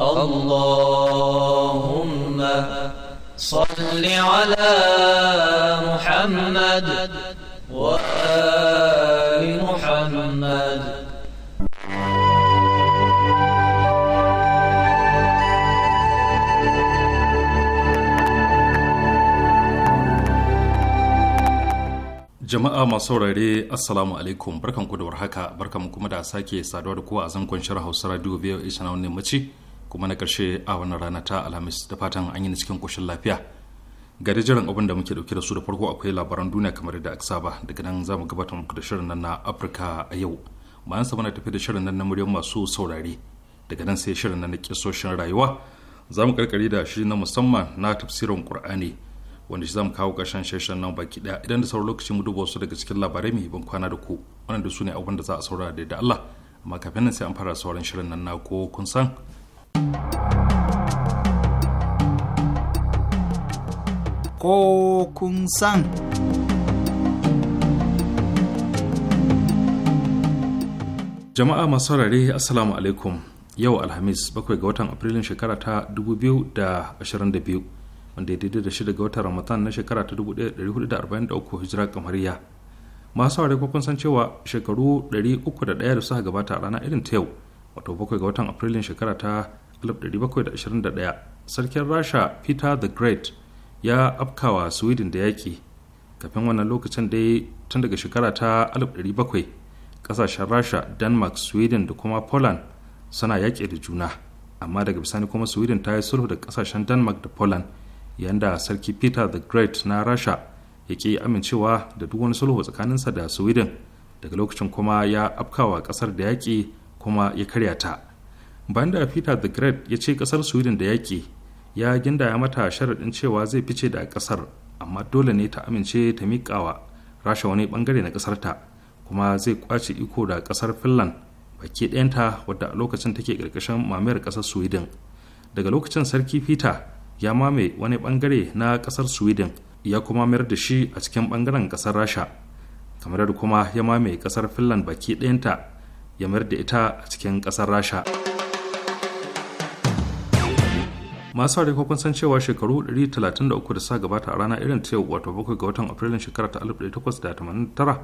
اللهم صل على محمد وآل محمد jama'a masu saurare assalamu alaikum barkan ku da warhaka barkan kuma da sake saduwa da kowa a zankon shirin hausa radio voa na wannan mace kuma na karshe a wannan rana ta alhamis da fatan an yi cikin ƙoshin lafiya ga jiran abin da muke dauke da su da farko akwai labaran duniya kamar da aka saba daga nan za mu gabatar muku da shirin nan na afirka a yau bayan sa muna tafi da shirin nan na muryar masu saurare daga nan sai shirin nan na kisoshin rayuwa za mu karkare da shi na musamman na tafsirin qur'ani wanda shi za mu kawo ƙarshen shirin nan baki daya idan da sauran lokaci mu duba wasu daga cikin labarai mai ban kwana da ku wannan da su ne abin da za a saurara da Allah amma kafin nan sai an fara sauran shirin nan na ko kun san Ko kun san. Jama'a masu saurare Assalamu alaikum yau Alhamis bakwai ga watan Afrilun shekara ta 2022 wanda ya daidai da shida ga watan Ramadan na shekara ta 1443 hijira kamariya. Masu saurare kun san cewa shekaru 301 da suka gabata a rana irin ta yau wato bakwai ga watan afrilun shekara ta 1721 sarkin rasha peter the great ya afkawa sweden da yaƙi kafin wannan lokacin dai tun daga shekara ta 1700 ƙasashen rasha denmark sweden da kuma poland suna yaƙi da juna amma daga bisani kuma sweden ta yi sulhu da kasashen denmark da poland yanda sarki peter the great na rasha ya ƙi amincewa da duk wani sulhu tsakaninsa da sweden daga lokacin kuma ya afkawa ƙasar da yaƙi kuma ya karya ta bayan da peter the great ya ce kasar sweden da yaƙi ya gindaya mata sharaɗin cewa zai fice da ƙasar amma dole ne ta amince ta miƙawa rasha wani bangare na ƙasarta ta kuma zai ƙwace iko da ƙasar finland baki ɗayanta wadda a lokacin take ƙarƙashin mamayar ƙasar sweden daga lokacin sarki peter ya mame wani bangare na ƙasar sweden ya kuma mayar da shi a cikin bangaren ƙasar rasha kamar da kuma ya mame ƙasar finland baki ɗayanta ya mayar da ita a cikin ƙasar rasha masu hariko kun san cewa shekaru 133 da sa gabata a rana irin ta yau wato bakwai ga watan afrilun shekarar ta 1889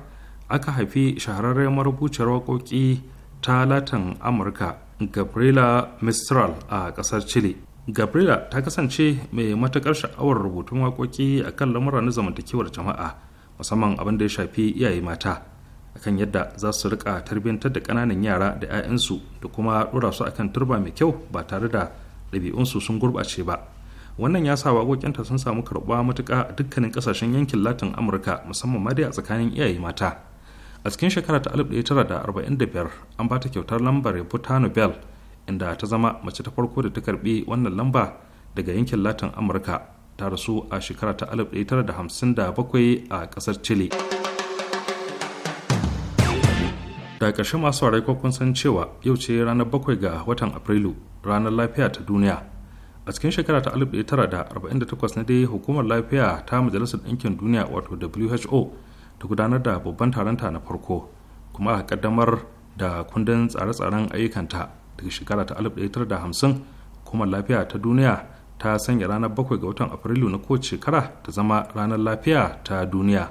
aka haifi shahararren marubuciyar waƙoƙi ta latin amurka gabriela mistral a ƙasar chile gabriela ta kasance mai matuƙar sha'awar rubutun waƙoƙi a kan lamura na zamantakewar jama'a musamman abin da ya shafi iyaye mata akan yadda za su rika tarbiyyantar da ƙananan yara da 'ya'yansu da kuma ɗora su akan turba mai kyau ba tare da ɗabi'unsu sun gurɓace ba wannan ya sa waƙoƙinta sun samu karɓuwa matuƙa a dukkanin ƙasashen yankin latin amurka musamman ma dai a tsakanin iyaye mata a cikin shekara ta 1945 an ba ta kyautar lambar ya nobel inda ta zama mace ta farko da ta karɓi wannan lamba daga yankin latin amurka ta rasu a shekara ta 1957 a ƙasar chile da ƙarshe masu warai kun san cewa yau ce ranar bakwai ga watan afrilu ranar lafiya ta duniya a cikin shekara ta 1948 na dai hukumar lafiya ta majalisar ɗinkin duniya wato who ta gudanar da babban taronta na farko kuma a kaddamar da kundin tsare-tsaren ayyukanta daga shekara ta 1950 hukumar lafiya ta duniya ta sanya ranar bakwai ga watan afrilu na kowace shekara ta zama ranar lafiya ta duniya.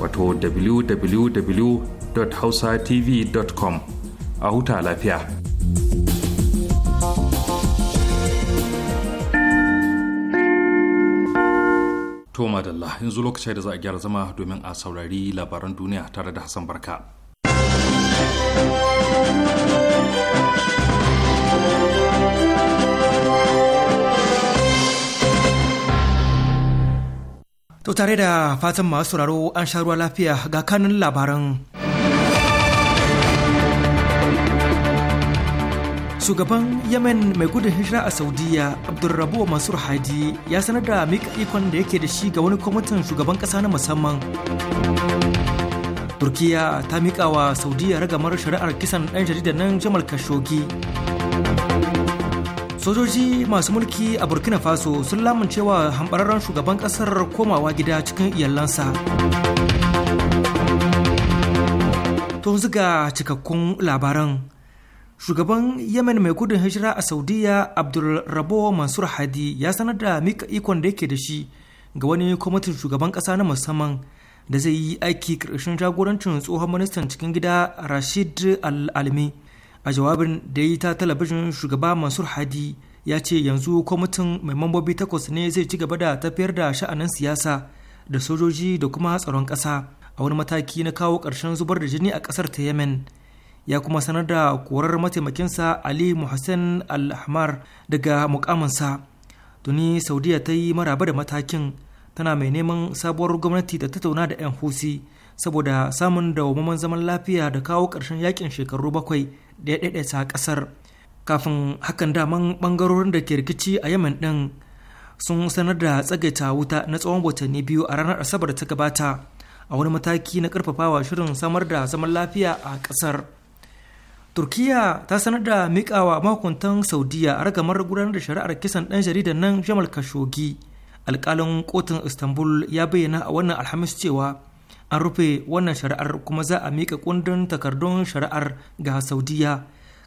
wato www.hausatv.com a huta lafiya. Toma Dalla yanzu lokacin da za a gyara zama domin a saurari labaran duniya tare da Hassan Barka. To tare da fatan masu sauraro an sha ruwa lafiya ga kanun labaran. Shugaban Yemen mai gudun hijira a Saudiya Abdulrabu Mansur Hadi ya sanar da mika ikon da yake da shi ga wani kwamitin shugaban ƙasa na musamman. Turkiya ta mika wa Saudiya ragamar shari'ar kisan ɗan jaridar nan Jamal Khashoggi. sojoji masu mulki a burkina faso sun lamuncewa hambararren shugaban kasar komawa gida cikin iyalansa tun ziga cikakkun labaran shugaban yemen mai gudun hijira a saudiya abdulrabo mansur hadi ya sanar da mika ikon da yake da shi ga wani kwamitin shugaban kasa na musamman da zai yi aiki ƙarshen jagorancin tsohon ministan cikin gida rashid al a jawabin da ya yi ta talabijin shugaba mansur hadi ya ce yanzu kwamitin mai mambobi takwas ne zai ci gaba da tafiyar da sha'anin siyasa da sojoji da kuma tsaron ƙasa a wani mataki na kawo ƙarshen zubar da jini a ƙasar ta yemen ya kuma sanar da korar mataimakinsa ali muhassan alhamar daga mukaminsa tuni saudiya ta yi maraba da matakin tana mai neman sabuwar gwamnati da tattauna da 'yan husi saboda samun dawamaman zaman lafiya da kawo karshen yakin shekaru bakwai da ya daidaita ƙasar kafin hakan daman ɓangarorin da ke rikici a yemen ɗin sun sanar da tsagaita wuta na tsawon watanni biyu a ranar asabar ta gabata a wani mataki na karfafawa shirin samar da zaman lafiya a ƙasar. turkiya ta sanar da mikawa mahukuntan saudiya a ragamar gudanar da shari'ar kisan ɗan jaridan nan jamal kashogi alkalin kotun istanbul ya bayyana a wannan alhamis cewa an rufe wannan shari'ar kuma za a mika kundin takardun shari'ar ga saudiya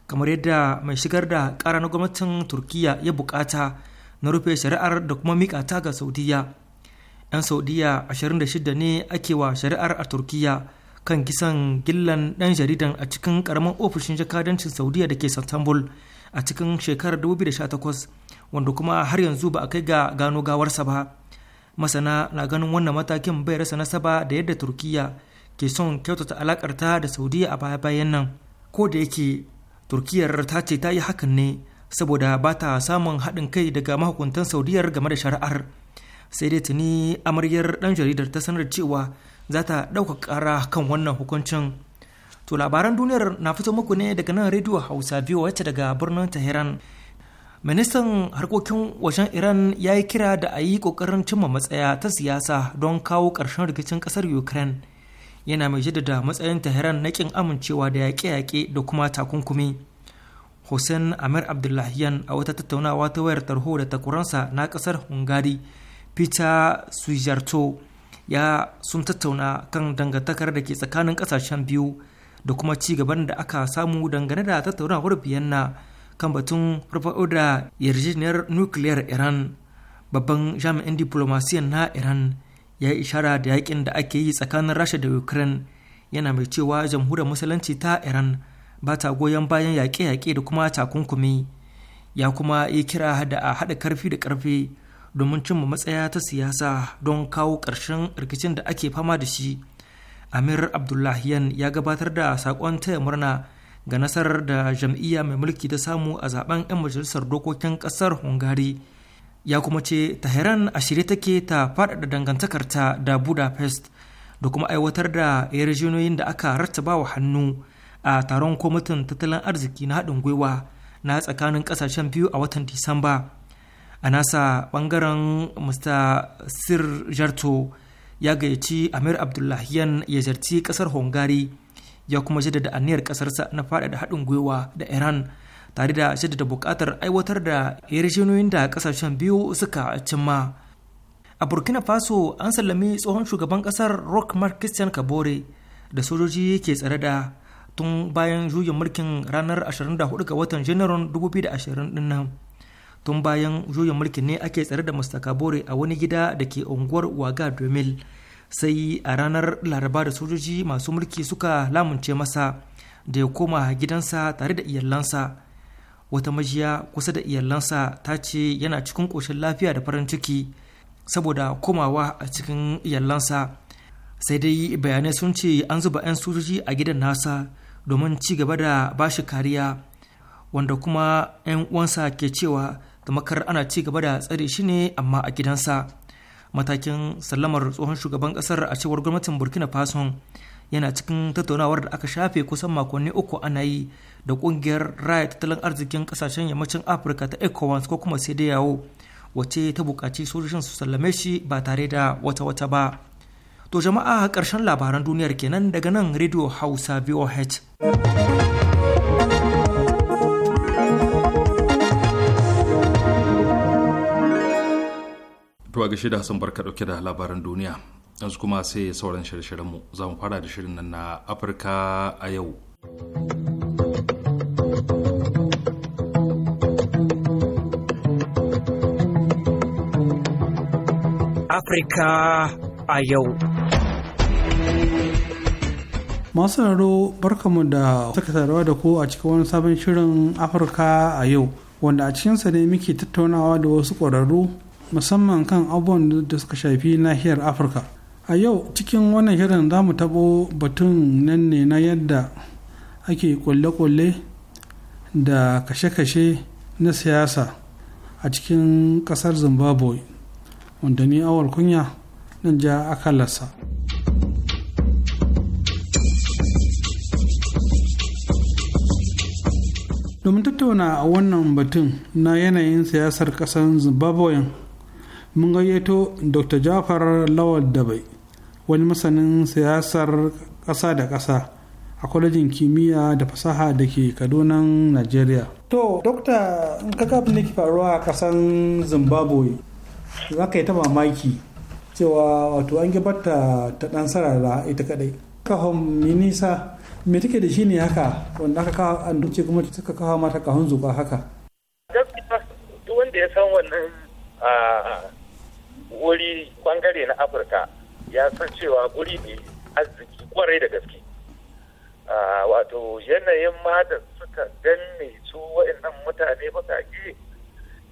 kamar yadda mai shigar da ƙara na gwamnatin turkiya ya bukata na rufe shari'ar da kuma miƙa ta ga saudiya 'yan saudiya 26 ne ake wa shari'ar a turkiya kan kisan gillan ɗan jaridan a cikin ƙaramin ofishin jakadancin saudiya da ke satambul a cikin shekarar 2018 wanda kuma har yanzu ba a kai ga gano gawarsa ba masana na ganin wannan matakin bai rasa nasaba da yadda turkiya ke son kyautata alakarta da saudiya a baya-bayan nan ko da yake turkiyar ta ce ta yi hakan ne saboda ba ta samun haɗin kai daga mahukuntan saudiyar game da shari'ar sai dai tuni amaryar ɗan jaridar ta sanar cewa za ta ɗauka ƙara kan wannan hukuncin to labaran duniyar na fito muku ne daga nan rediyo hausa biyu wacce daga birnin tehran ministan harkokin wajen iran ya yi kira da a yi kokarin cimma matsaya ta siyasa don kawo ƙarshen rikicin ƙasar ukraine yana mai jaddada matsayin tehran na ƙin amincewa da yaƙe-yaƙe da kuma takunkumi hussein amir abdullahiyan a wata tattaunawa ta wayar tarho da takuransa na ƙasar hungary peter sujarto ya sun tattauna kan dangantakar da ke tsakanin ƙasashen biyu da kuma ci gaban da aka samu dangane da tattaunawar Biyanna. kan batun farfaɗo da yarjejeniyar nukiliyar iran babban jami'in diplomasiyan na iran ya yi ishara da yakin da ake yi tsakanin rasha da ukraine yana mai cewa jamhuriyar musulunci ta iran ba ta goyon bayan yaƙe-yaƙe da kuma takunkumi ya kuma yi kira da a haɗa karfi da ƙarfi domin cimma matsaya ta siyasa don kawo ƙarshen rikicin da ake fama da shi amir abdullahiyan ya gabatar da saƙon taya murna ga nasarar da jam'iyya mai mulki ta samu a zaben 'yan majalisar dokokin kasar hungary ya kuma ce tahiran a shirye take ta faɗaɗa dangantakarta da budapest da kuma aiwatar da yarjejeniyoyin da aka rattaba wa hannu a taron kwamitin tattalin arziki na haɗin gwiwa na tsakanin ƙasashen biyu a watan disamba a nasa bangaren mr sir jarto ya gayyaci amir abdullahiyan ya zarci ƙasar hungary ya kuma jaddada aniyar ƙasarsa na faɗaɗa haɗin gwiwa da iran tare da jaddada buƙatar aiwatar da yarjejeniyoyin da ƙasashen biyu suka cimma a burkina faso an sallami tsohon shugaban ƙasar rock mark christian kabore da sojoji ke tsare da tun bayan juyin mulkin ranar 24 ga watan janairun 2020 din tun bayan juyin mulkin ne ake tsare da mr kabore a wani gida da ke unguwar waga domil sai a ranar laraba da sojoji masu mulki suka lamunce masa da ya koma gidansa tare da iyalansa wata majiya kusa da iyalansa ta ce yana cikin koshin lafiya da farin ciki saboda komawa a cikin iyalansa sai dai bayanai sun ce an zuba 'yan sojoji a gidan nasa domin ci gaba da shi kariya wanda kuma 'yan uwansa ke cewa da makar ana ci gaba da tsare shi ne amma a gidansa matakin sallamar tsohon shugaban kasar a cewar gwamnatin burkina faso yana cikin tattaunawar da aka shafe kusan makonni uku ana yi da kungiyar raya tattalin arzikin kasashen yammacin afirka ta ecowas ko kuma sai yawo wace ta bukaci sojojin su sallame shi ba tare da wata wata ba to jama'a karshen labaran duniyar kenan daga nan radio hausa voh Tuwa gashi da Hassan barka dauke da labaran duniya. Yanzu kuma sai sauran shirye-shiryenmu za mu fara da shirin nan na Afirka a yau. Afirka a yau. Masu raro barkamu da suka sadarwa da ku a cikin wani sabon shirin Afirka a yau, wanda a cikinsa ne muke tattaunawa da wasu ƙwararru musamman kan abubuwan da suka shafi nahiyar afirka a yau cikin wannan shirin za mu tabo batun nan ne na yadda ake kulle-kulle da kashe-kashe na siyasa a cikin kasar zimbabwe wanda ni awal kunya nan ja akalarsa domin tattauna a wannan batun na yanayin siyasar kasar zimbabwe mun gayyato dr jafar lawal dabai wani masanin siyasar kasa da ƙasa a kwalejin kimiyya da fasaha da ke kadunan nigeria to dokta in ka da ke faruwa a ƙasan zimbabwe za ka yi ta mamaki cewa wato an gabata ta ɗan sarara ita kadai kahon minisa me take da shi ne haka wanda aka kawo an duce gwamnati suka kawo mata kahon zuba haka gaskiya wanda ya san wannan ah, wuri bangare na afirka ya san cewa guri ne arziki kwarai da gaske wato yanayin ma da suka danne su waɗannan mutane bakake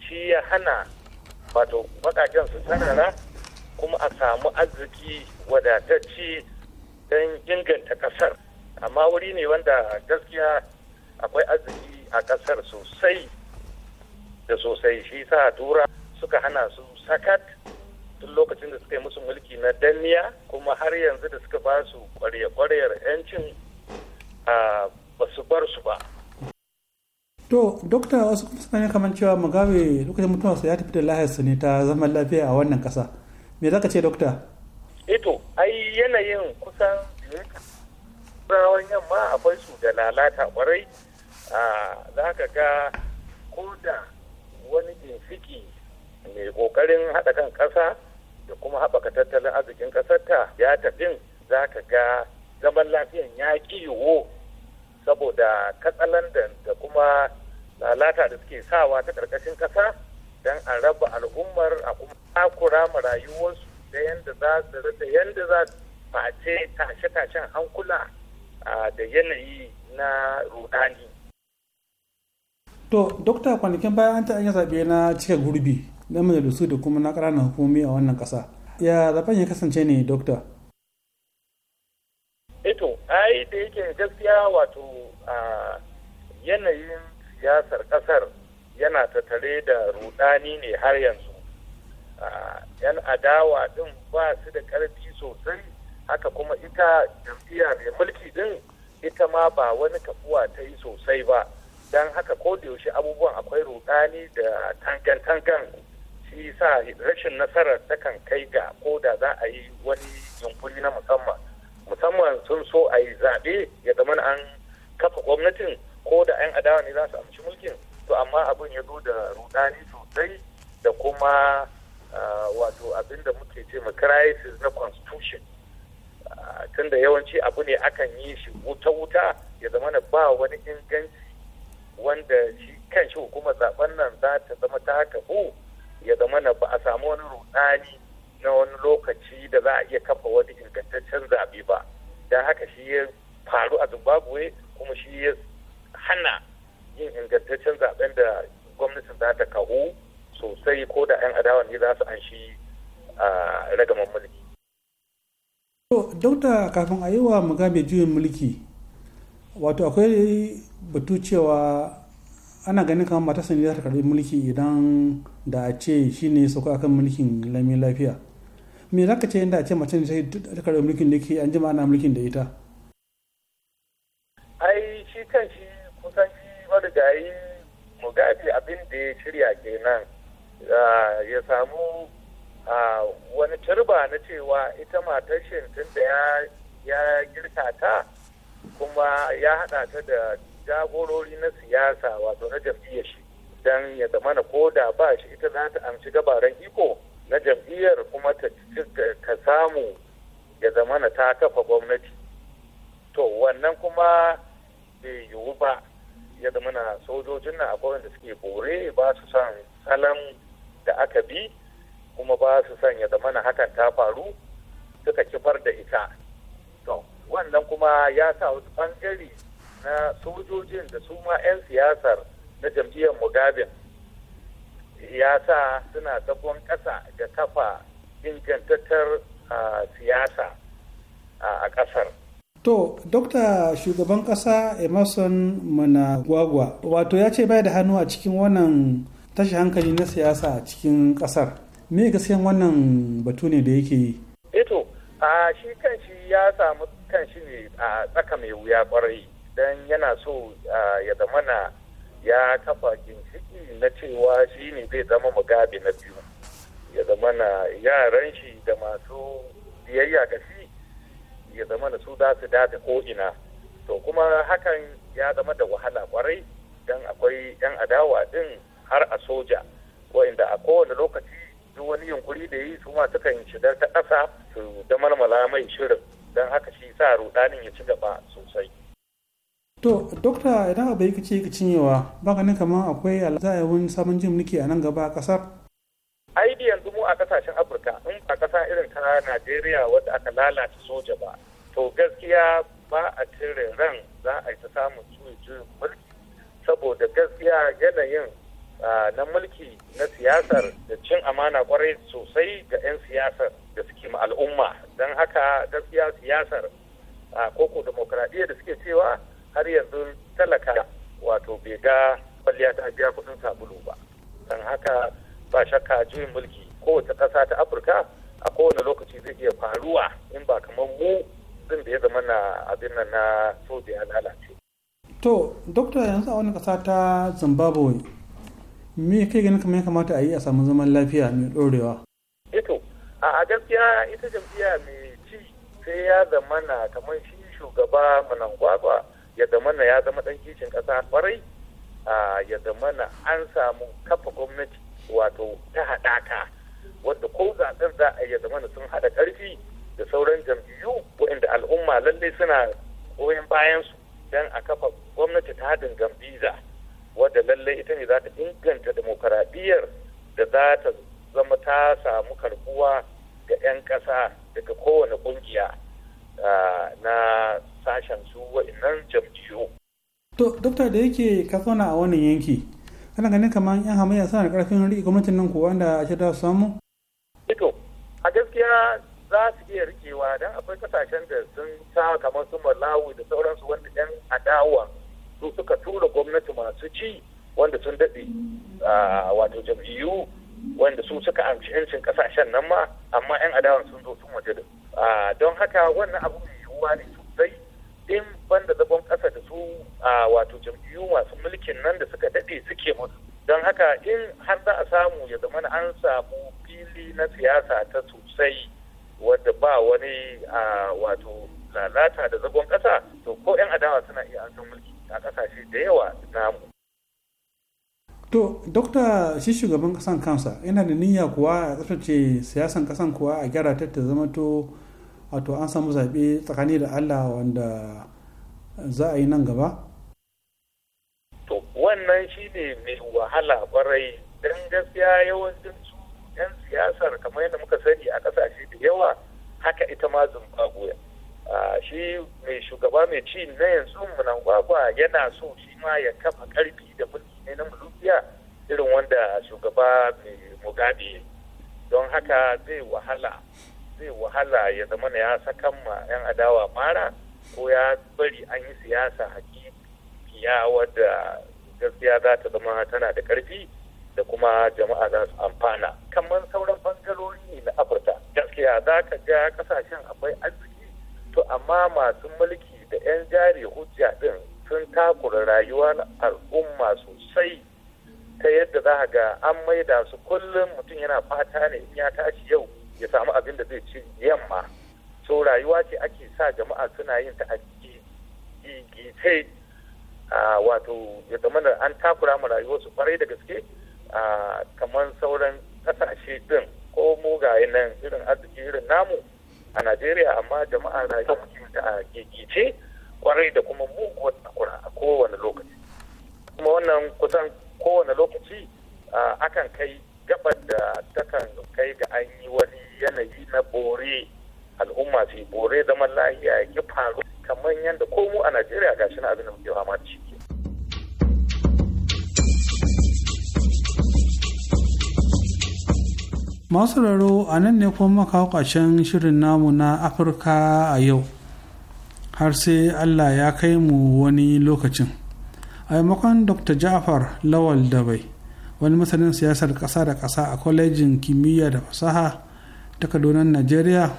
shi ya hana wato bakaken su sanara kuma a samu arziki wadatacce don inganta ƙasar amma wuri ne wanda gaskiya akwai arziki a ƙasar sosai da sosai shi sa tura suka hana su sakat tun lokacin da suka yi musu mulki na danniya kuma har yanzu da suka ba su kwarya-kwaryar 'yancin ba su bar su ba to dokta wasu kuma suna kamar cewa mugabe lokacin wasu ya tafi da lahiyarsa ne ta zama lafiya a wannan kasa me za ka ce dokta ito eh ai yanayin kusan rawan yamma akwai su da lalata kwarai za ka ga ko da wani ginsiki mai kokarin haɗa kan ƙasa da kuma haɓaka tattalin arzikin ƙasar ta ya tafin za ka ga zaman lafiyan ya ƙi yiwo saboda katsalandan da kuma lalata da suke sawa ta ƙarƙashin ƙasa don a raba al'ummar a kuma takura ma rayuwarsu da yadda za su da yadda za su face tashe-tashen hankula da yanayi na rudani. To, Dokta kwanakin bayan an ta zaɓe na cika gurbi na majalisu da kuma na ƙananan hukumomi a wannan ƙasa ya zaben ya kasance ne dokta eto eh ai da yake gaskiya wato a yanayin siyasar ƙasar yana tattare da rudani ne har yanzu yan adawa ɗin ba su da ƙarfi sosai haka kuma ita jam'iyya mai mulki ɗin, ita ma ba wani kafuwa ta yi sosai ba don haka ko da yaushe abubuwan akwai rudani da tankan-tankan shi sa rashin nasarar kan kai ga ko da za a yi wani yunkuri na musamman musamman sun so a yi zaɓe ya zama an kafa gwamnatin ko da 'yan adawa ne za su amshi mulkin to amma abin ya zo da rudani sosai da kuma wato abin da muke ce ma crisis na constitution tunda yawanci abu ne akan yi shi wuta-wuta ya zama ba wani inganci wanda shi kan shi hukumar zaben nan za ta zama ta haka bu ya zama na ba a samu wani rudani na wani lokaci da za a iya kafa wani ingantaccen zaɓe ba don haka shi ya faru a zimbabwe kuma shi ya hana yin ingantaccen zaɓen da gwamnatin za ta kahu sosai ko da 'yan adawa ne za su an shi ragaman mulki. dokta dauta kafin a yi wa mulki, wato akwai batu cewa ana ganin kamar matarsa ne za ta karbi mulki idan da a ce shi ne sauka akan mulkin lamin lafiya me za ka ce inda a ce mace ne ta karbi mulkin da ke an jima ana mulkin da ita ai shi kan shi kusan shi marigayi mugabe abin da ya shirya kenan ah, ya samu ah, wani turba na cewa ita matar shi tun da ya girka ta kuma ya haɗa ta da jagorori na siyasa wato na jam'iyyar shi don ya zama na koda ba shi ita za ta amshi gabaran iko na jam'iyyar kuma ta samu ya zama na ta kafa gwamnati to wannan kuma bai yiwu ba ya zama na sojojin na akwai da suke bore ba su son salon da aka bi kuma ba su son ya zama na hakan ta faru suka kifar da ita wannan kuma ya sa wasu bangare na sojojin da su ma 'yan siyasar na jam'iyyar mugabe ya sa suna dabon ƙasa da kafa ingantattar siyasa a ƙasar. To, Dokta shugaban ƙasa Emerson Managwagwa, wato ya ce bai da hannu a cikin wannan tashi hankali na siyasa a cikin ƙasar. Me gaskiyan wannan batu ne da yake yi? Eto, eh a shi kanshi ya samu kanshi ne a tsaka mai wuya kwarai Idan yana so ya zamana ya kafa ginshiki na cewa shi ne zai zama mugabe na biyu ya zamana yaran shi da masu biyayya ga shi ya zamana su za su dada ko'ina to kuma hakan ya zama da wahala kwarai don akwai 'yan adawa din har a soja wa'inda a kowane lokaci duk wani yunkuri da yi su ma sukan shigar ta ƙasa su da malmala mai shirin don haka shi sa rudanin ya ci gaba sosai to dokta idan abu yi kace ka cinyewa ba ganin kamar akwai wani sabon jin mulki a nan gaba a kasar ai da yanzu mu a kasashen afirka in ba kasa irin ta najeriya wadda aka lalata soja ba to gaskiya ba a cire ran za a yi ta samun juyin mulki saboda gaskiya yanayin na mulki na siyasar da cin amana kwarai sosai ga 'yan siyasar da suke ma al'umma don haka gaskiya siyasar koko ko da suke cewa har yanzu talaka wato bai ga kwalliya ta biya kuɗin sabulu ba don haka ba shakka juyin mulki kowace ƙasa ta afirka a kowane lokaci zai iya faruwa in ba kamar mu zin da ya zama na abin nan na soja ya lalace. to dokta yanzu a wani ƙasa ta zimbabwe me kai ganin kamar ya kamata a yi a samu zaman lafiya mai ɗorewa. ito eh a gaskiya ita jam'iyya mai ci sai ya zama na kamar shi shugaba manangwagwa ya mana ya zama ɗan kishin ƙasa kwarai ya mana an samu kafa gwamnati wato ta haɗaka wadda ko zaɓen za a ya na sun haɗa ƙarfi da sauran jam'iyyu waɗanda al'umma lallai suna goyon su dan a kafa gwamnati ta haɗin gambiza wadda lallai ita ne za ta inganta demokaradiyyar da za ta zama ta samu karbuwa ga 'yan ƙasa daga kowane ƙungiya. na sashen su wa'inan jam'iyyu. To, dokta da yake ka zauna a wannan yanki, kana ganin kamar 'yan hamayya suna da ƙarfin riƙe gwamnatin nan ko wanda a shirya su samu? Ito, a gaskiya za su iya rikewa don akwai kasashen da sun sa kamar su Malawi da sauransu wanda 'yan adawa su suka tura gwamnati masu ci wanda sun daɗe wato jam'iyyu wanda su suka amshi 'yancin kasashen nan ma amma 'yan adawan sun zo sun waje da su. don haka wannan abu mai yiwuwa ne sosai in da zagon kasa da su wato jam'iyyu masu mulkin nan da suka daɗe suke musu don haka in har za a samu ya zama an samu fili na siyasa ta sosai wadda ba wani wato lalata da zagon kasa to ko 'yan adawa suna iya an mulki a kasashe da yawa namu to dokta shi shugaban kasan kansa yana da niyya kuwa a kasance siyasan kasan kuwa a gyara ta ta zama to wato an samu zaɓe tsakani da allah wanda za a yi nan gaba to wannan shi ne mai wahala barai don gaskiya yawancin su 'yan siyasar kamar yadda muka sani a ƙasashe da yawa haka ita ma zimbabwe shi mai shugaba mai ci na yanzu gwagwa yana so shi ma ya kafa karfi da mulki ne na mulubiya irin wanda shugaba mai mugabe don haka zai wahala zai wahala ya zama ya sakan ma 'yan adawa mara ko ya bari an yi siyasa hakikiya wadda gaskiya za ta zama tana da ƙarfi da kuma jama'a za su amfana kamar sauran bangarori na afirka gaskiya za ka ga kasashen akwai arziki to amma masu mulki da 'yan jari hujja din sun takura rayuwa na al'umma sosai ta yadda za ga an maida su kullum mutum yana fata ne in ya tashi yau ya samu abin da zai ci yamma so rayuwa ce ake sa jama'a suna yin ta a gigice wato ya zama da an takura ma rayuwarsu kwarai da gaske kamar sauran kasashe din ko mugaye nan irin arziki irin namu a najeriya amma jama'a na yin ta a gigice kwarai da kuma muguwar takura a kowane lokaci kuma wannan kusan kowane lokaci akan kai gabar da takan kai ga an yi wani yanayi na bore al'umma su bore zaman lahiya ya faru kamar yadda ko mu a najeriya ga shi na abin da muke fama da shi masu raro a nan ne kuma maka ƙarshen shirin namu na afirka a yau har sai allah ya kai mu wani lokacin a maimakon dr jafar lawal dabai wani masanin siyasar ƙasa da ƙasa a kwalejin kimiyya da fasaha takardunan najeriya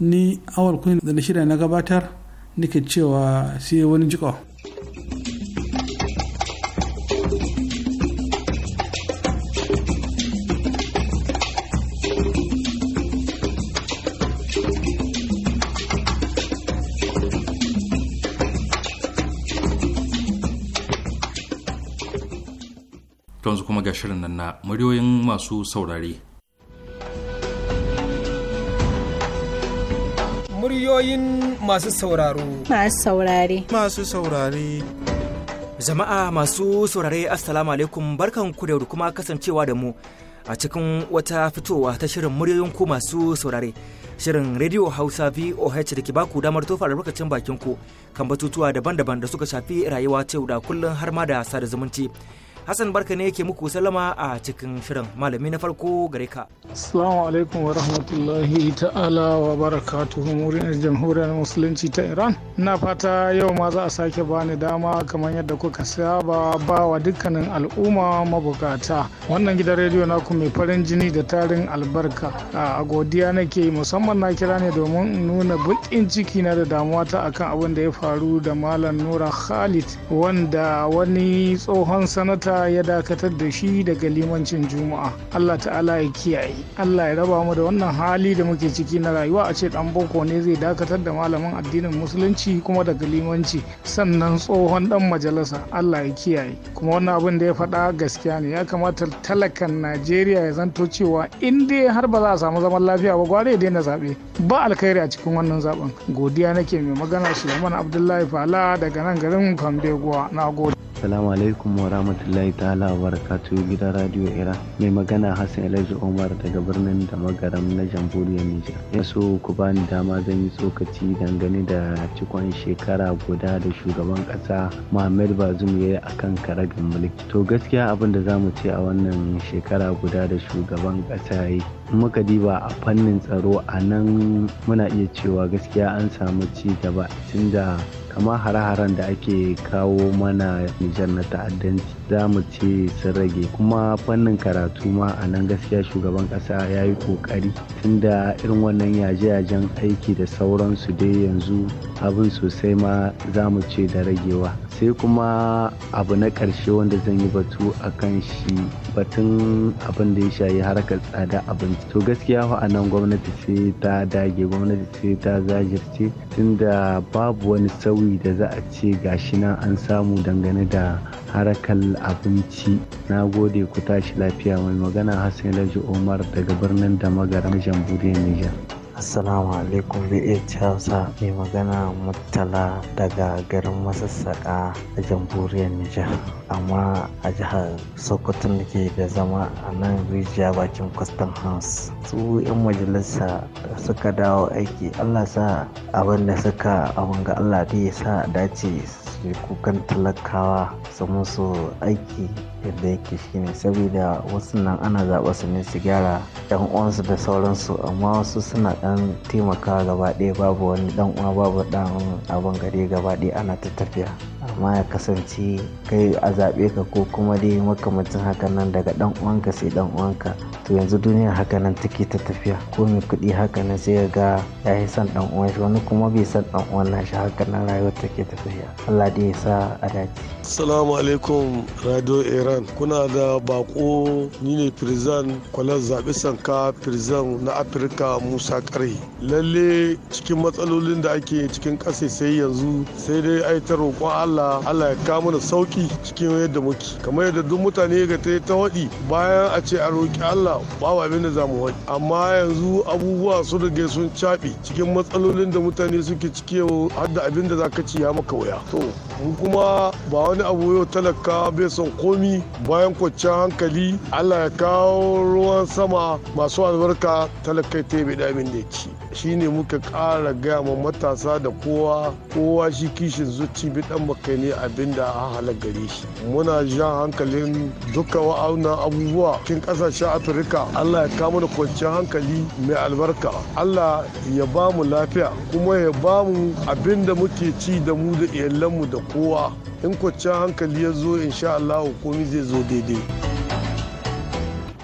ni awal kuni da na shirya na gabatar nake cewa sai wani jiko kuma ga shirin nan na muryoyin masu saurare muryoyin masu sauraro. Masu saurare. Masu saurare. Jama'a masu saurare Assalamu alaikum barkan ku da kuma kasancewa da mu a cikin wata fitowa ta shirin muryoyin ku masu saurare. Shirin Radio Hausa VOH da ke baku damar tofa albarkacin bakin ku kan batutuwa daban-daban da suka shafi rayuwa ta da kullum har ma da sada zumunci. Hassan barka ne yake muku salama a cikin shirin malami na farko gare ka. Assalamu alaikum wa rahmatullahi ta'ala wa barakatu. murin jamhuriyar musulunci ta Iran. na fata yau ma za a sake bani dama kamar yadda kuka saba ba wa dukkanin al'umma mabukata. Wannan gidan rediyo naku mai farin jini da tarin albarka. A godiya nake musamman na kira ne domin in nuna bukin ciki na da damuwa ta akan abin da ya faru da Malam Nura Khalid wanda wani tsohon sanata ya dakatar da shi daga limancin juma'a allah ta'ala ya kiyaye allah ya raba mu da wannan hali da muke ciki na rayuwa a ce dan boko ne zai dakatar da malamin addinin musulunci kuma daga limanci sannan tsohon dan majalisa allah ya kiyaye kuma wannan abin da ya faɗa gaskiya ne ya kamata talakan najeriya ya zanto cewa in dai har ba za a samu zaman lafiya ba gware ya daina zaɓe ba alkhairi a cikin wannan zaɓen godiya nake mai magana suleiman abdullahi fala daga nan garin guwa na gode Assalamu alaikum wa rahmatullahi ta'ala wa barakatuhu gidan Radiyo Iran. Mai magana Hassan Elijah Umar daga birnin da magaram na jamhuriyar Nijar. Ina so ku bani dama zan yi tsokaci dangane da cikon shekara guda da shugaban ƙasa? Muhammad Bazoum ya yi akan karagin mulki. To gaskiya abin da mu ce a wannan shekara guda da shugaban ƙasa ya yi muka diba a fannin tsaro a nan muna iya cewa gaskiya an samu ci gaba tunda kama hare-haren da ake kawo mana nijar na ta'addanci za mu ce sun rage kuma fannin karatu ma a nan gaskiya shugaban kasa ya yi kokari tunda irin wannan yaje-yajen aiki da sauransu dai yanzu abin sosai ma za mu ce da ragewa sai kuma abu na karshe wanda zan yi batu a kan shi batun abin da ya shayi harkar tsada abinci to gaskiya a nan gwamnati sai ta dage gwamnati sai ta zajirce tunda babu wani sauyi da za a ce gashi nan an samu dangane da harkar abinci na gode ku tashi lafiya mai magana hassan laji umar daga birnin da jamhuriyar nijar Assalamu alaikum BH Hausa mai magana Murtala daga garin Masassaƙa a jamhuriyar Nijar. Amma a jihar Sokoto nake da zama a nan rijiya bakin Kwastam Hans. Su 'yan majalisa suka dawo aiki Allah sa abin da suka abin ga Allah da ya sa dace su kukan talakawa su musu aiki yadda yake ne saboda wasu nan ana zaɓa su ne su gyara yan uwansu da sauransu amma wasu suna ɗan taimaka gaba ɗaya babu wani ɗan uwa babu ɗan abin gari gaba ɗaya ana ta tafiya amma ya kasance kai a zaɓe ka ko kuma dai makamancin haka nan daga ɗan uwanka sai ɗan uwanka to yanzu duniya haka nan take ta tafiya ko mai kuɗi haka nan sai ga ya yi son ɗan uwan wani kuma bai son ɗan uwan nashi haka nan rayuwar take tafiya Allah dai ya sa a dace Assalamu alaikum Radio Iran. Kuna da bako ni ne Firzan kwalar zaɓi sanka Firzan na Afirka Musa Kare. Lalle cikin matsalolin da ake cikin ƙasa sai yanzu sai dai ai ta roƙon Allah Allah ya kawo mana sauki cikin yadda muke. Kamar yadda duk mutane ga ta ta waɗi bayan a ce a roƙi Allah babu abin da za mu waɗi. Amma yanzu abubuwa sun rage sun caɓe cikin matsalolin da mutane suke ciki yau har da abin da za ka ci ya maka waya. To mu kuma ba wani abu yau talaka bai son komi bayan kwanciyar hankali allah ya kawo ruwan sama masu albarka talakai ta yi damin da ci shi ne muka ƙara gaya ma matasa da kowa kowa shi kishin zuci bi dan makai ne abin da a halar gare shi muna jan hankalin duka wa'aunan abubuwa cikin ƙasashen afirka allah ya kawo da kwanciyar hankali mai albarka allah ya ba mu lafiya kuma ya ba mu abin da muke ci da mu da iyalanmu da kowa in kwanci kwanciyar hankali ya zo insha Allah komi zai zo daidai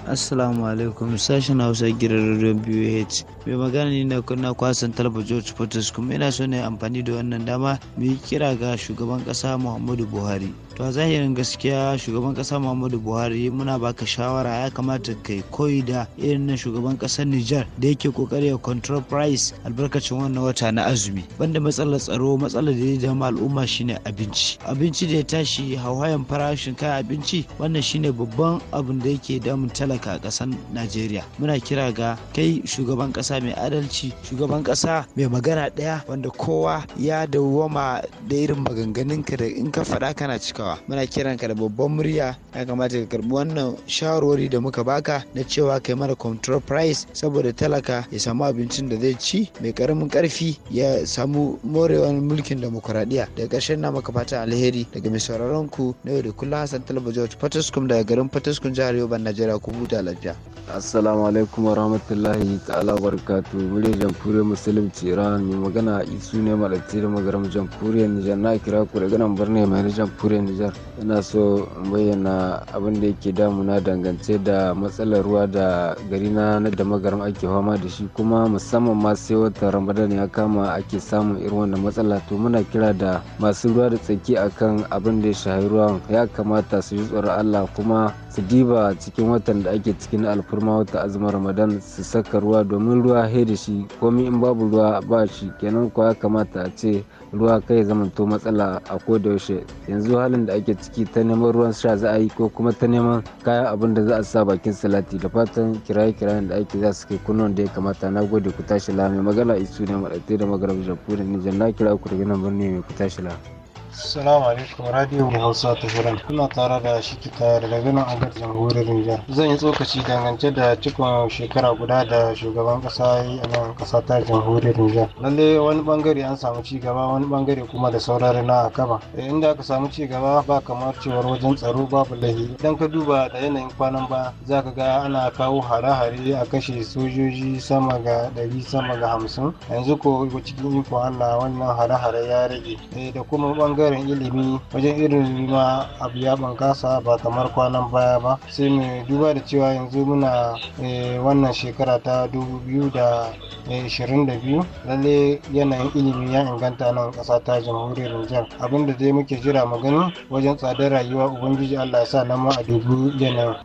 assalamu alaikum sashen hausa girar radio bh mai magana ne na kunna kwasan talba george portis kuma ina so na amfani da wannan dama mu yi kira ga shugaban kasa muhammadu buhari to a zahirin gaskiya shugaban kasa muhammadu buhari muna baka shawara ya kamata kai koyi da irin na shugaban kasar Nijar da yake kokari ya control price albarkacin wannan wata na azumi banda matsalar tsaro matsalar da ya dama al'umma shine abinci abinci da ya tashi hauhayen farashin kayan abinci wannan shine babban abin da yake damun talaka a kasar najeriya muna kira ga kai shugaban kasa ƙasa mai adalci shugaban ƙasa mai magana ɗaya wanda kowa ya dawwama da irin maganganunka da in ka faɗa kana cikawa muna kiran ka da babban murya ya kamata ka karbi wannan shawarwari da muka baka na cewa kai mana control price saboda talaka ya samu abincin da zai ci mai karamin karfi ya samu morewar mulkin demokuraɗiyya daga ƙarshen na maka fata alheri daga mai sauraron ku na yau da kullum hassan talaba george fataskum daga garin fataskum jihar yoban najeriya ku huta lafiya assalamu alaikum warahmatullahi ta'ala barakatu muryar jamhuriyar musulunci iran mai magana isu ne malatsi da magaram jamhuriyar nijar na kira ku daga nan birni mai na jamhuriyar nijar ina so in bayyana abin da yake damuna dangance da matsalar ruwa da gari na da magaram ake fama da shi kuma musamman ma sai watan ramadan ya kama ake samun irin wannan matsala to muna kira da masu ruwa da tsaki akan abin da ya shahi ruwan ya kamata su yi tsoron allah kuma su diba cikin watan da ake cikin alfurma wata azumin ramadan su saka ruwa domin ruwa ruwa da shi komi in babu ruwa ba shi kenan kuwa kamata a ce ruwa kai zamanto matsala a koda yaushe yanzu halin da ake ciki ta neman ruwan sha za a yi ko kuma ta neman kayan abin da za a sa bakin salati da fatan kiraye kirayen da ake za su kai kunnon da ya kamata na gode ku tashi lami magana isu ne maɗaɗe da magarab jamhuriyar nijar na kira ku daga nan birni mai ku tashi lami. Assalamu alaikum radio mai Hausa ta Furan. Kuna tare da shi kita daga ganin agar jamhuriyar Nijar. Zan yi tsokaci dangance da cikon shekara guda da shugaban kasa yi a nan kasa ta jamhuriyar Nijar. Lalle wani bangare an samu ci gaba wani bangare kuma da saurari na kama. Eh, inda aka samu ci gaba ba kamar cewar wajen tsaro babu lahi. Idan ka duba da yanayin kwanan ba za ka ga ana kawo hare-hare a kashe sojoji sama ga ɗari sama ga hamsin. Yanzu ko cikin ikon Allah wannan hare ya rage. Eh, da kuma bangare bangaren ilimi wajen irin ma abu ya bunkasa ba kamar kwanan baya ba sai mai duba da cewa yanzu muna eh, wannan shekara ta 2022 eh, lalle yanayin ilimi ya inganta nan ƙasa ta jamhuriyar abin abinda dai muke jira mu gani wajen tsadar rayuwa ubangiji Allah ya sa nan ma a dubu yanayin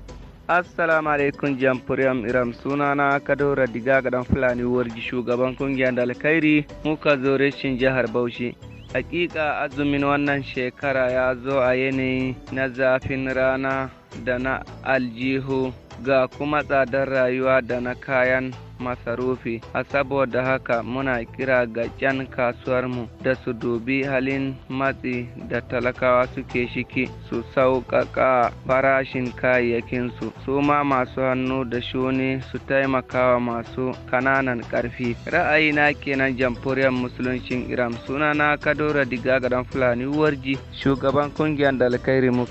assalamu alaikum jamfuriyam iram sunana kadora diga gadan fulani warji shugaban kungiyar da alkhairi muka zo reshin jihar bauchi Hakika azumin wannan shekara ya zo a yanayi na zafin rana da na aljihu ga kuma tsadar rayuwa da na kayan masarufi a saboda haka muna kira ga 'yan kasuwarmu da su dubi halin matsi da talakawa suke shiki su sauƙaƙa farashin kayayyakinsu su ma masu hannu da shuni su taimakawa masu kananan ƙarfi ra'ayina kenan jamhuriyar musuluncin iran sunana kadora diga gadan fulani warji shugaban kungiyar muka rimu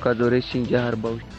shin jihar bauchi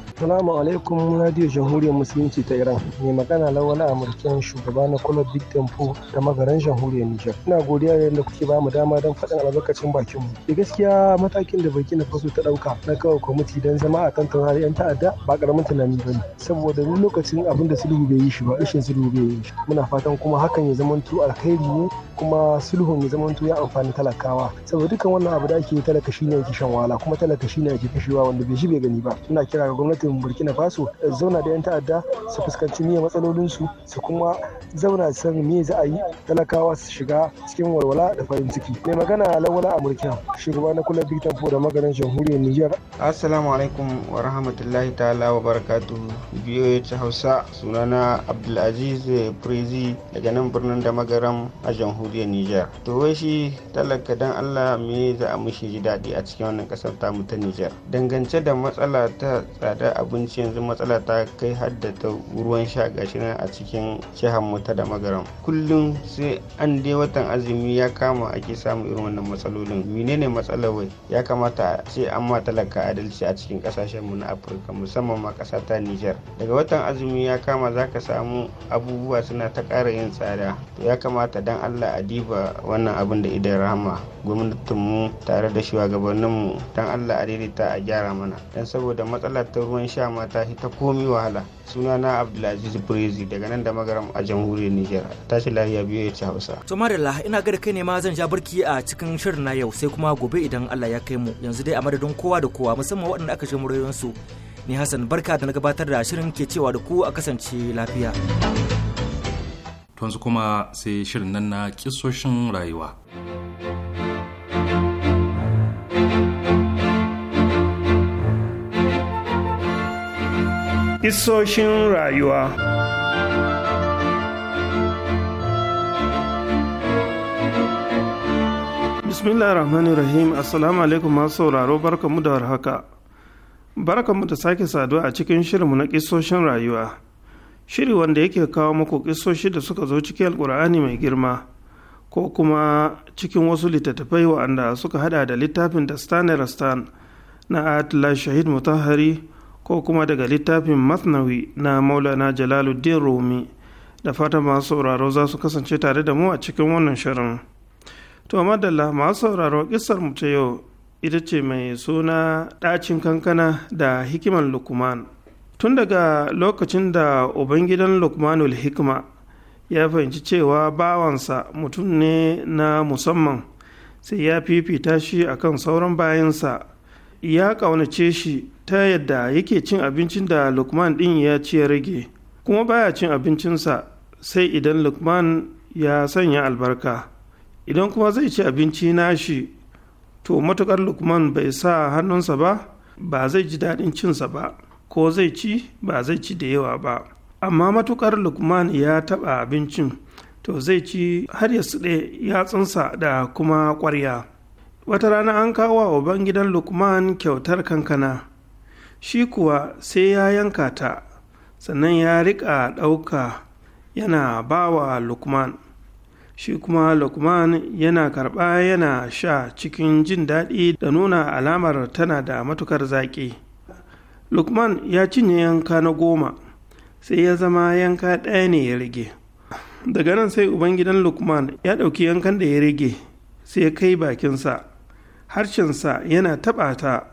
Salamu alaikum Radio Jamhuriyar Musulunci ta Iran. Mai magana lawala Amurken shugaba na Club Big Tempo da magaran Jamhuriyar Nijar. Ina godiya da yadda kuke bamu dama don faɗin albarkacin bakinmu. Da gaskiya matakin da na Faso ta ɗauka na kawo kwamiti don zama a kan taurari 'yan ta'adda ba ƙaramin tunani ba ne. Saboda ni lokacin abin da sulhu bai yi shi ba, rashin sulhu bai yi shi. Muna fatan kuma hakan ya tu alkhairi ne kuma sulhun ya zamanto ya amfani talakawa. Saboda dukkan wannan abu da ake talaka ne ake shan wahala kuma talaka ne ake kashewa wanda bai shi bai gani ba. Ina kira ga gwamnatin gwamnatin burkina faso zauna da yan ta'adda su fuskanci miye matsalolinsu su kuma zauna san me za a yi talakawa su shiga cikin walwala da farin ciki mai magana lawala burkina shugaba na kula big tempo da maganin jamhuriyar niger assalamu alaikum wa rahmatullahi ta'ala wa barakatu biyo ta hausa sunana abdulaziz prezi daga nan birnin da magaram a jamhuriyar niger to wai shi talaka dan allah me za a mushi ji daɗi a cikin wannan ƙasar tamu ta niger dangance da matsala ta tsada abinci yanzu matsala ta kai haddata ruwan sha gashi nan a cikin jihar mu ta da magaram kullum sai an dai watan azumi ya kama ake samun irin wannan matsalolin menene matsalar wai ya kamata sai an ma talaka adalci a cikin kasashen mu na afirka musamman ma kasa ta niger daga watan azumi ya kama zaka samu abubuwa suna ta ƙara yin tsada to ya kamata dan allah a diba wannan abin da idan rahama gwamnatinmu tare da shugabanninmu dan allah a daidaita a gyara mana dan saboda matsalar ta ruwan ruwan sha mata ta komi wahala suna sunana abdulaziz brezi daga nan da magaram a jamhuriyar niger tashi lahiya biyu ya ci hausa to madalla ina gada kai ne ma zan ja barki a cikin shirin na yau sai kuma gobe idan allah ya kai mu yanzu dai a madadin kowa da kowa musamman waɗanda aka shi su ni hassan barka da na gabatar da shirin ke cewa da ku a kasance lafiya yanzu kuma sai shirin nan na kisoshin rayuwa. Isoshin rayuwa. Bismillah rahmanir rahim Assalamu alaikum masu sauraro barkamu da warhaka. Barkamu da sake saduwa a cikin shirinmu na kisoshin rayuwa. Shiri wanda yake kawo muku kisoshi da suka zo cikin alkur'ani mai girma. ko kuma cikin wasu littattafai waɗanda suka hada da littafin da stan na atlas shahid mutahari ko kuma daga littafin masnawi na maulana jalaluddin rumi da fata masu sauraro za su kasance tare da mu a cikin wannan shirin to madalla masu sauraro kisar mu ta yau ita ce mai suna ɗacin kankana da hikiman lukman tun daga lokacin da ubangidan lukmanul hikima ya fahimci cewa bawansa mutum ne na musamman sai ya fifita shi akan sauran bayansa ya ƙaunace shi ta yadda yake cin abincin da lukman ɗin ya ci ya rage kuma baya cin abincinsa sai idan lukman ya sanya albarka idan kuma zai ci abinci nashi to matukar lukman bai sa hannunsa ba ba zai ji daɗin cinsa ba ko zai ci ba zai ci da yawa ba amma matukar lukman ya taɓa abincin to zai ci har ya suɗe yatsunsa da kuma ƙwarya wata rana an kawo wa bangidan lukman kyautar kankana shi kuwa sai ya yanka ta sannan ya riƙa ɗauka yana ba wa lukman shi kuma lukman yana karɓa yana sha cikin jin daɗi da nuna alamar tana da matukar zaƙi lukman ya cinye yanka na goma sai ya zama yanka ɗaya ne ya rage daga nan sai ubangidan lukman ya ɗauki yankan da ya rage sai ya kai bakinsa harshensa yana taɓa ta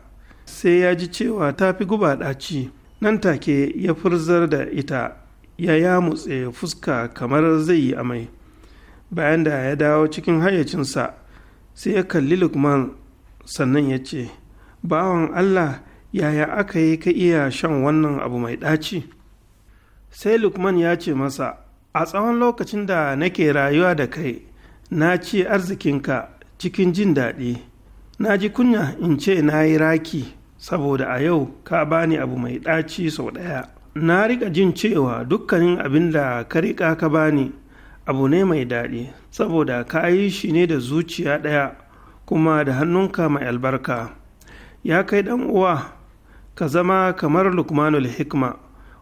sai ya ji cewa ta fi guba ɗaci nan take ya furzar da ita ya yamutse fuska kamar zai yi amai bayan da ya dawo cikin hayyacinsa sai ya kalli lukman sannan ya ce bawan allah yaya aka yi ka iya shan wannan abu mai ɗaci sai lukman ya ce masa a tsawon lokacin da nake rayuwa da kai na ci arzikinka cikin jin daɗi na ji kunya in ce na yi raki saboda a yau ka bani abu mai ɗaci sau ɗaya na riƙa jin cewa dukkanin abin da ka riƙa ka bani abu ne mai daɗi saboda ka yi shi ne da zuciya ɗaya kuma da hannunka mai albarka ya kai ɗan uwa ka zama kamar lukmanul hikma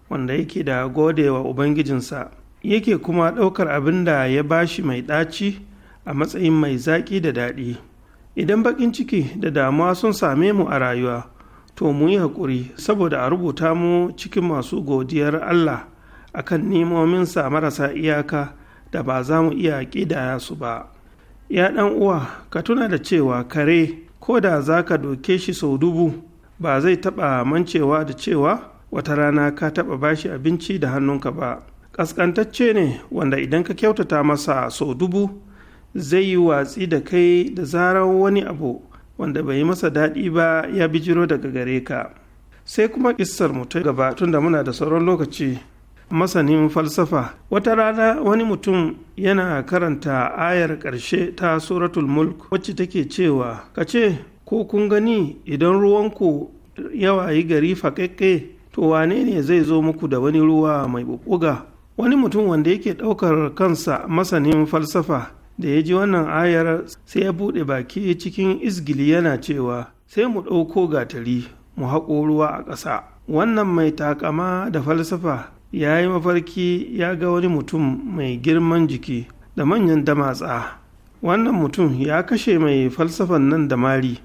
wanda yake da godewa ubangijinsa yake kuma ɗaukar abin da ya bashi mai ɗaci a matsayin mai zaƙi da daɗi idan bakin ciki da damuwa sun same mu a rayuwa to mu yi haƙuri saboda a rubuta mu cikin masu godiyar allah a nemomin nemominsa marasa iyaka da ba za mu iya ƙidaya su ba ya ɗan uwa ka tuna da cewa kare ko da za ka doke shi sau dubu ba zai taɓa mancewa da cewa wata rana ka taɓa bashi abinci da hannunka ba ƙasƙantacce ne wanda idan ka kyautata masa sau dubu zai yi watsi da kai da zarar wani abu wanda bai yi masa daɗi ba ya bijiro daga gare ka sai kuma kissar mu ta tun da muna da sauran lokaci masanin falsafa wata rana wani mutum yana karanta ayar ƙarshe ta suratul mulk wacce take cewa ka ce ko kun gani idan ruwanku yawa yi gari faƙaƙe to wane ne zai zo muku da wani ruwa mai bubuga wani mutum wanda yake ɗaukar kansa masanin falsafa da ya ji wannan ayar sai ya buɗe baki cikin izgili yana cewa sai mu ɗauko gatari mu haƙo ruwa a ƙasa wannan mai takama da falsafa ya yi mafarki ya ga wani mutum mai girman jiki da manyan damatsa wannan mutum ya kashe mai falsafan nan da mari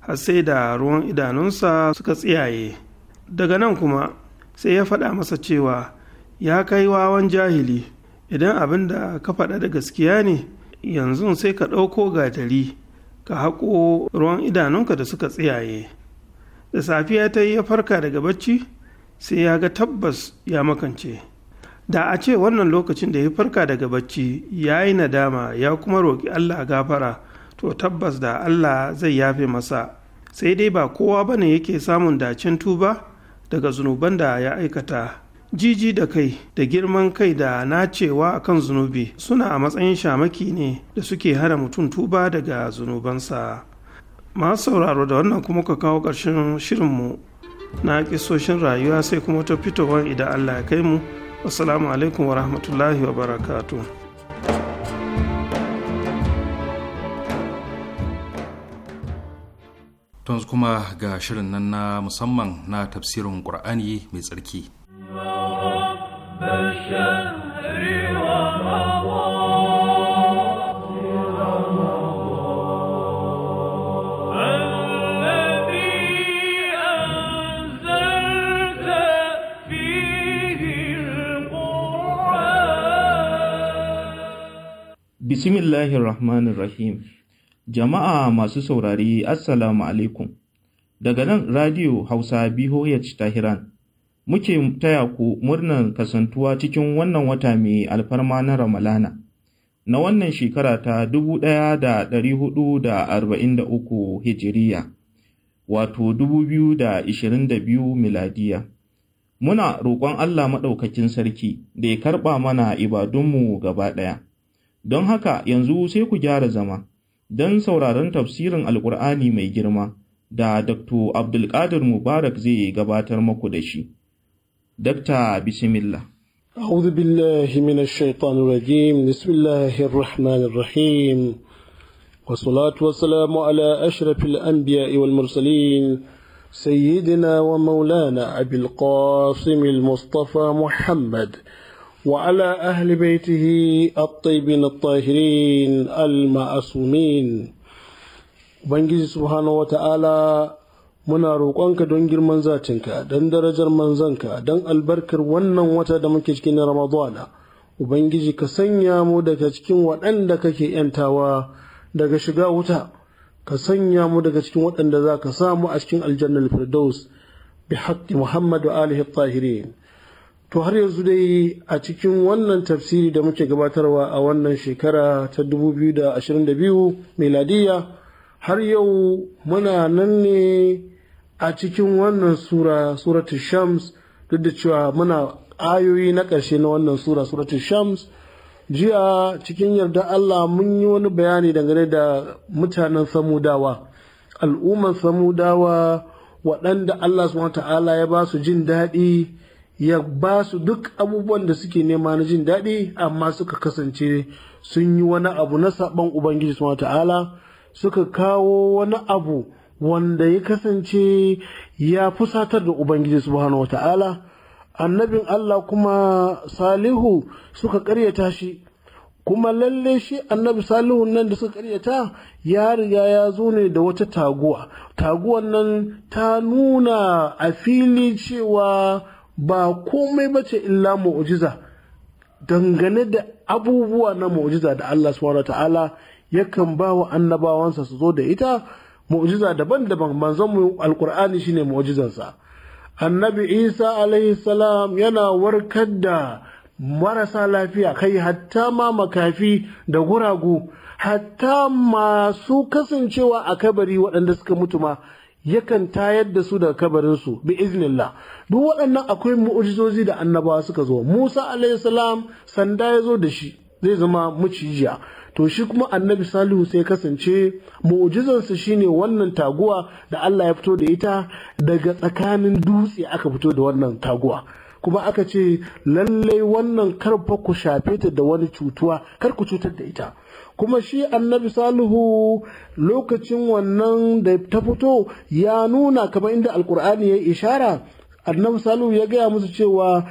har sai da ruwan idanunsa suka tsiyaye daga nan kuma sai ya faɗa masa cewa ya kai wawan jahili idan abin da ka faɗa da gaskiya ne yanzu sai ka ɗauko gatari ka haƙo ruwan idanunka da suka tsayaye. da safiya ta yi ya farka daga bacci sai ya ga tabbas ya makance da a ce wannan lokacin da ya farka daga bacci ya yi nadama ya kuma roƙi allah gafara to tabbas da allah zai yafe masa sai dai ba kowa ne yake samun dacin tuba daga zunuban da ya aikata jiji da kai da girman kai da nacewa a kan zunubi suna a matsayin shamaki ne da suke hana mutum tuba daga zunubansa masu sauraro da wannan kuma ka kawo ƙarshen shirinmu na kisoshin rayuwa sai kuma ta fitowar idan allah ya kai mu assalamu alaikum wa rahmatullahi wa barakatu tunzu kuma ga shirin nan na musamman na tafsirin ƙur'ani mai tsarki Bismillahir Rahmanir Rahim. Jama'a masu saurari, Assalamu alaikum. Daga nan Radio Hausa BOH Tahiran. muke taya ku murnar kasantuwa cikin wannan wata mai alfarma na Ramalana. Na wannan shekara ta 1443 Hijiriya, wato 2022 Miladiya. Muna roƙon Allah Maɗaukakin Sarki da ya karɓa mana ibadunmu gaba ɗaya. Don haka yanzu sai ku gyara zama, don sauraron tafsirin Alƙur'ani mai girma da Dr. Abdulkadir Mubarak zai gabatar muku da shi. دبتا بسم الله أعوذ بالله من الشيطان الرجيم بسم الله الرحمن الرحيم والصلاة والسلام على أشرف الأنبياء والمرسلين سيدنا ومولانا أبي القاسم المصطفى محمد وعلى أهل بيته الطيبين الطاهرين المعصومين بنجز سبحانه وتعالى muna roƙonka don girman zatinka don darajar manzanka don albarkar wannan wata da muke cikin ramadana ubangiji ka sanya mu daga cikin waɗanda kake yantawa daga shiga wuta ka sanya mu daga cikin waɗanda za ka samu a cikin aljannar firdaus bi haƙƙi muhammad wa alihi tahiri to har yanzu dai a cikin wannan tafsiri da muke gabatarwa a wannan shekara ta 2022 miladiyya har yau muna nan ne a cikin wannan sura shams duk da cewa muna ayoyi na ƙarshe na wannan sura shams jiya cikin yarda Allah mun yi wani bayani dangane da mutanen samudawa al'umman samudawa waɗanda Allah su ta'ala ya ba su jin daɗi ya ba su duk abubuwan da suke nema na jin daɗi amma suka kasance sun yi wani abu na saɓon ubangiji su ta'ala suka kawo wani abu wanda ya kasance ya fusatar da ubangiji subhanahu wata'ala annabin Allah kuma salihu suka karyata shi kuma lalle shi annabi salihu nan da suka karyata ya riga ya zo ne da wata taguwa taguwan nan ta nuna a fili cewa ba komai bace illa mu'jiza dangane da abubuwa na mu'jiza da Allah subhanahu ta'ala yakan ba wa annabawansa su zo da ita mu'jiza daban-daban manzon mu alqur'ani shine mu'jizansa annabi isa alaihi salam yana warkar da marasa lafiya kai hatta ma makafi da guragu hatta masu kasancewa a kabari waɗanda suka mutu ma yakan tayar da su daga kabarinsu bi iznillah duk waɗannan akwai mu'jizozi da annabawa suka zo Musa salam sanda ya zo da shi zai zama mucijiya to shi kuma annabi salihu sai kasance mu'ujizansa shine wannan taguwa da Allah ya fito da ita daga tsakanin dutse aka fito da wannan taguwa kuma aka ce lallai wannan karfa ku shafe ta da wani cutuwa kar ku cutar da ita kuma shi annabi salihu lokacin wannan da ta fito ya nuna kamar inda alkur'ani ya yi ishara annabi salihu ya gaya musu cewa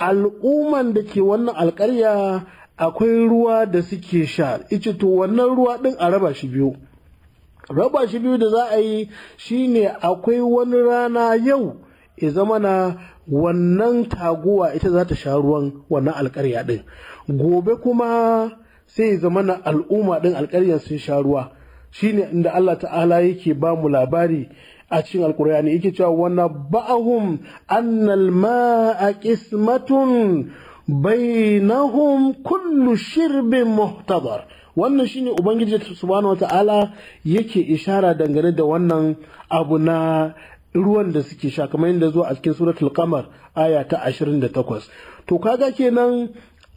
al'umman da ke wannan alkarya akwai ruwa da suke sha ice to wannan ruwa din a raba shi biyu raba shi biyu da za a yi shine akwai wani rana yau ya zama na wannan taguwa ita za ta sha ruwan wannan alkarya din. gobe kuma sai ya zama na al'umma din alkarya sun sha ruwa shine inda Allah ta'ala yake ba mu labari a cikin alkur'ani yake cewa wannan ba'ahum annal ma'a qismatun bainahum kullu shirbin muhtadar wannan shine ubangiji subhanahu wata'ala yake ishara dangane da wannan abu na ruwan da suke sha kamar yadda zuwa a cikin suratul qamar aya ta 28 to kaga kenan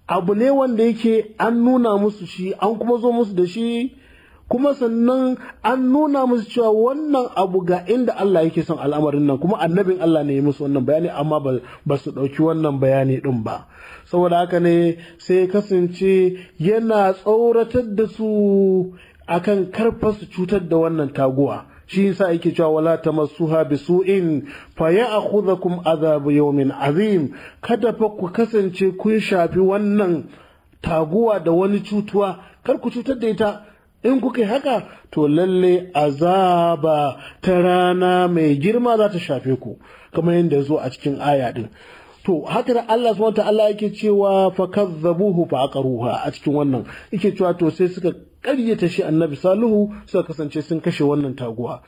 abu ne wanda yake an nuna musu shi an kuma zo musu da shi kuma sannan an nuna musu cewa wannan abu ga inda Allah yake son al'amarin nan kuma annabin Allah ne ya musu wannan bayani amma ba su ɗauki wannan bayani ɗin ba saboda haka ne sai kasance yana tsoratar da su akan karfa su cutar da wannan taguwa shi yasa yake cewa wala tamassuha bisu'in fa ya'khudhukum adhabu yawmin azim kada fa ku kasance kun shafi wannan taguwa da wani cutuwa kar ku cutar da ita in kuka yi haka to lalle azaba ta rana mai girma za ta shafe ku kamar yadda zo a cikin aya din to haka Allah subhanahu ta'ala yake cewa fa ba fa aqaruha a cikin wannan yake cewa to sai suka ƙaryata shi annabi salihu suka kasance sun kashe wannan taguwa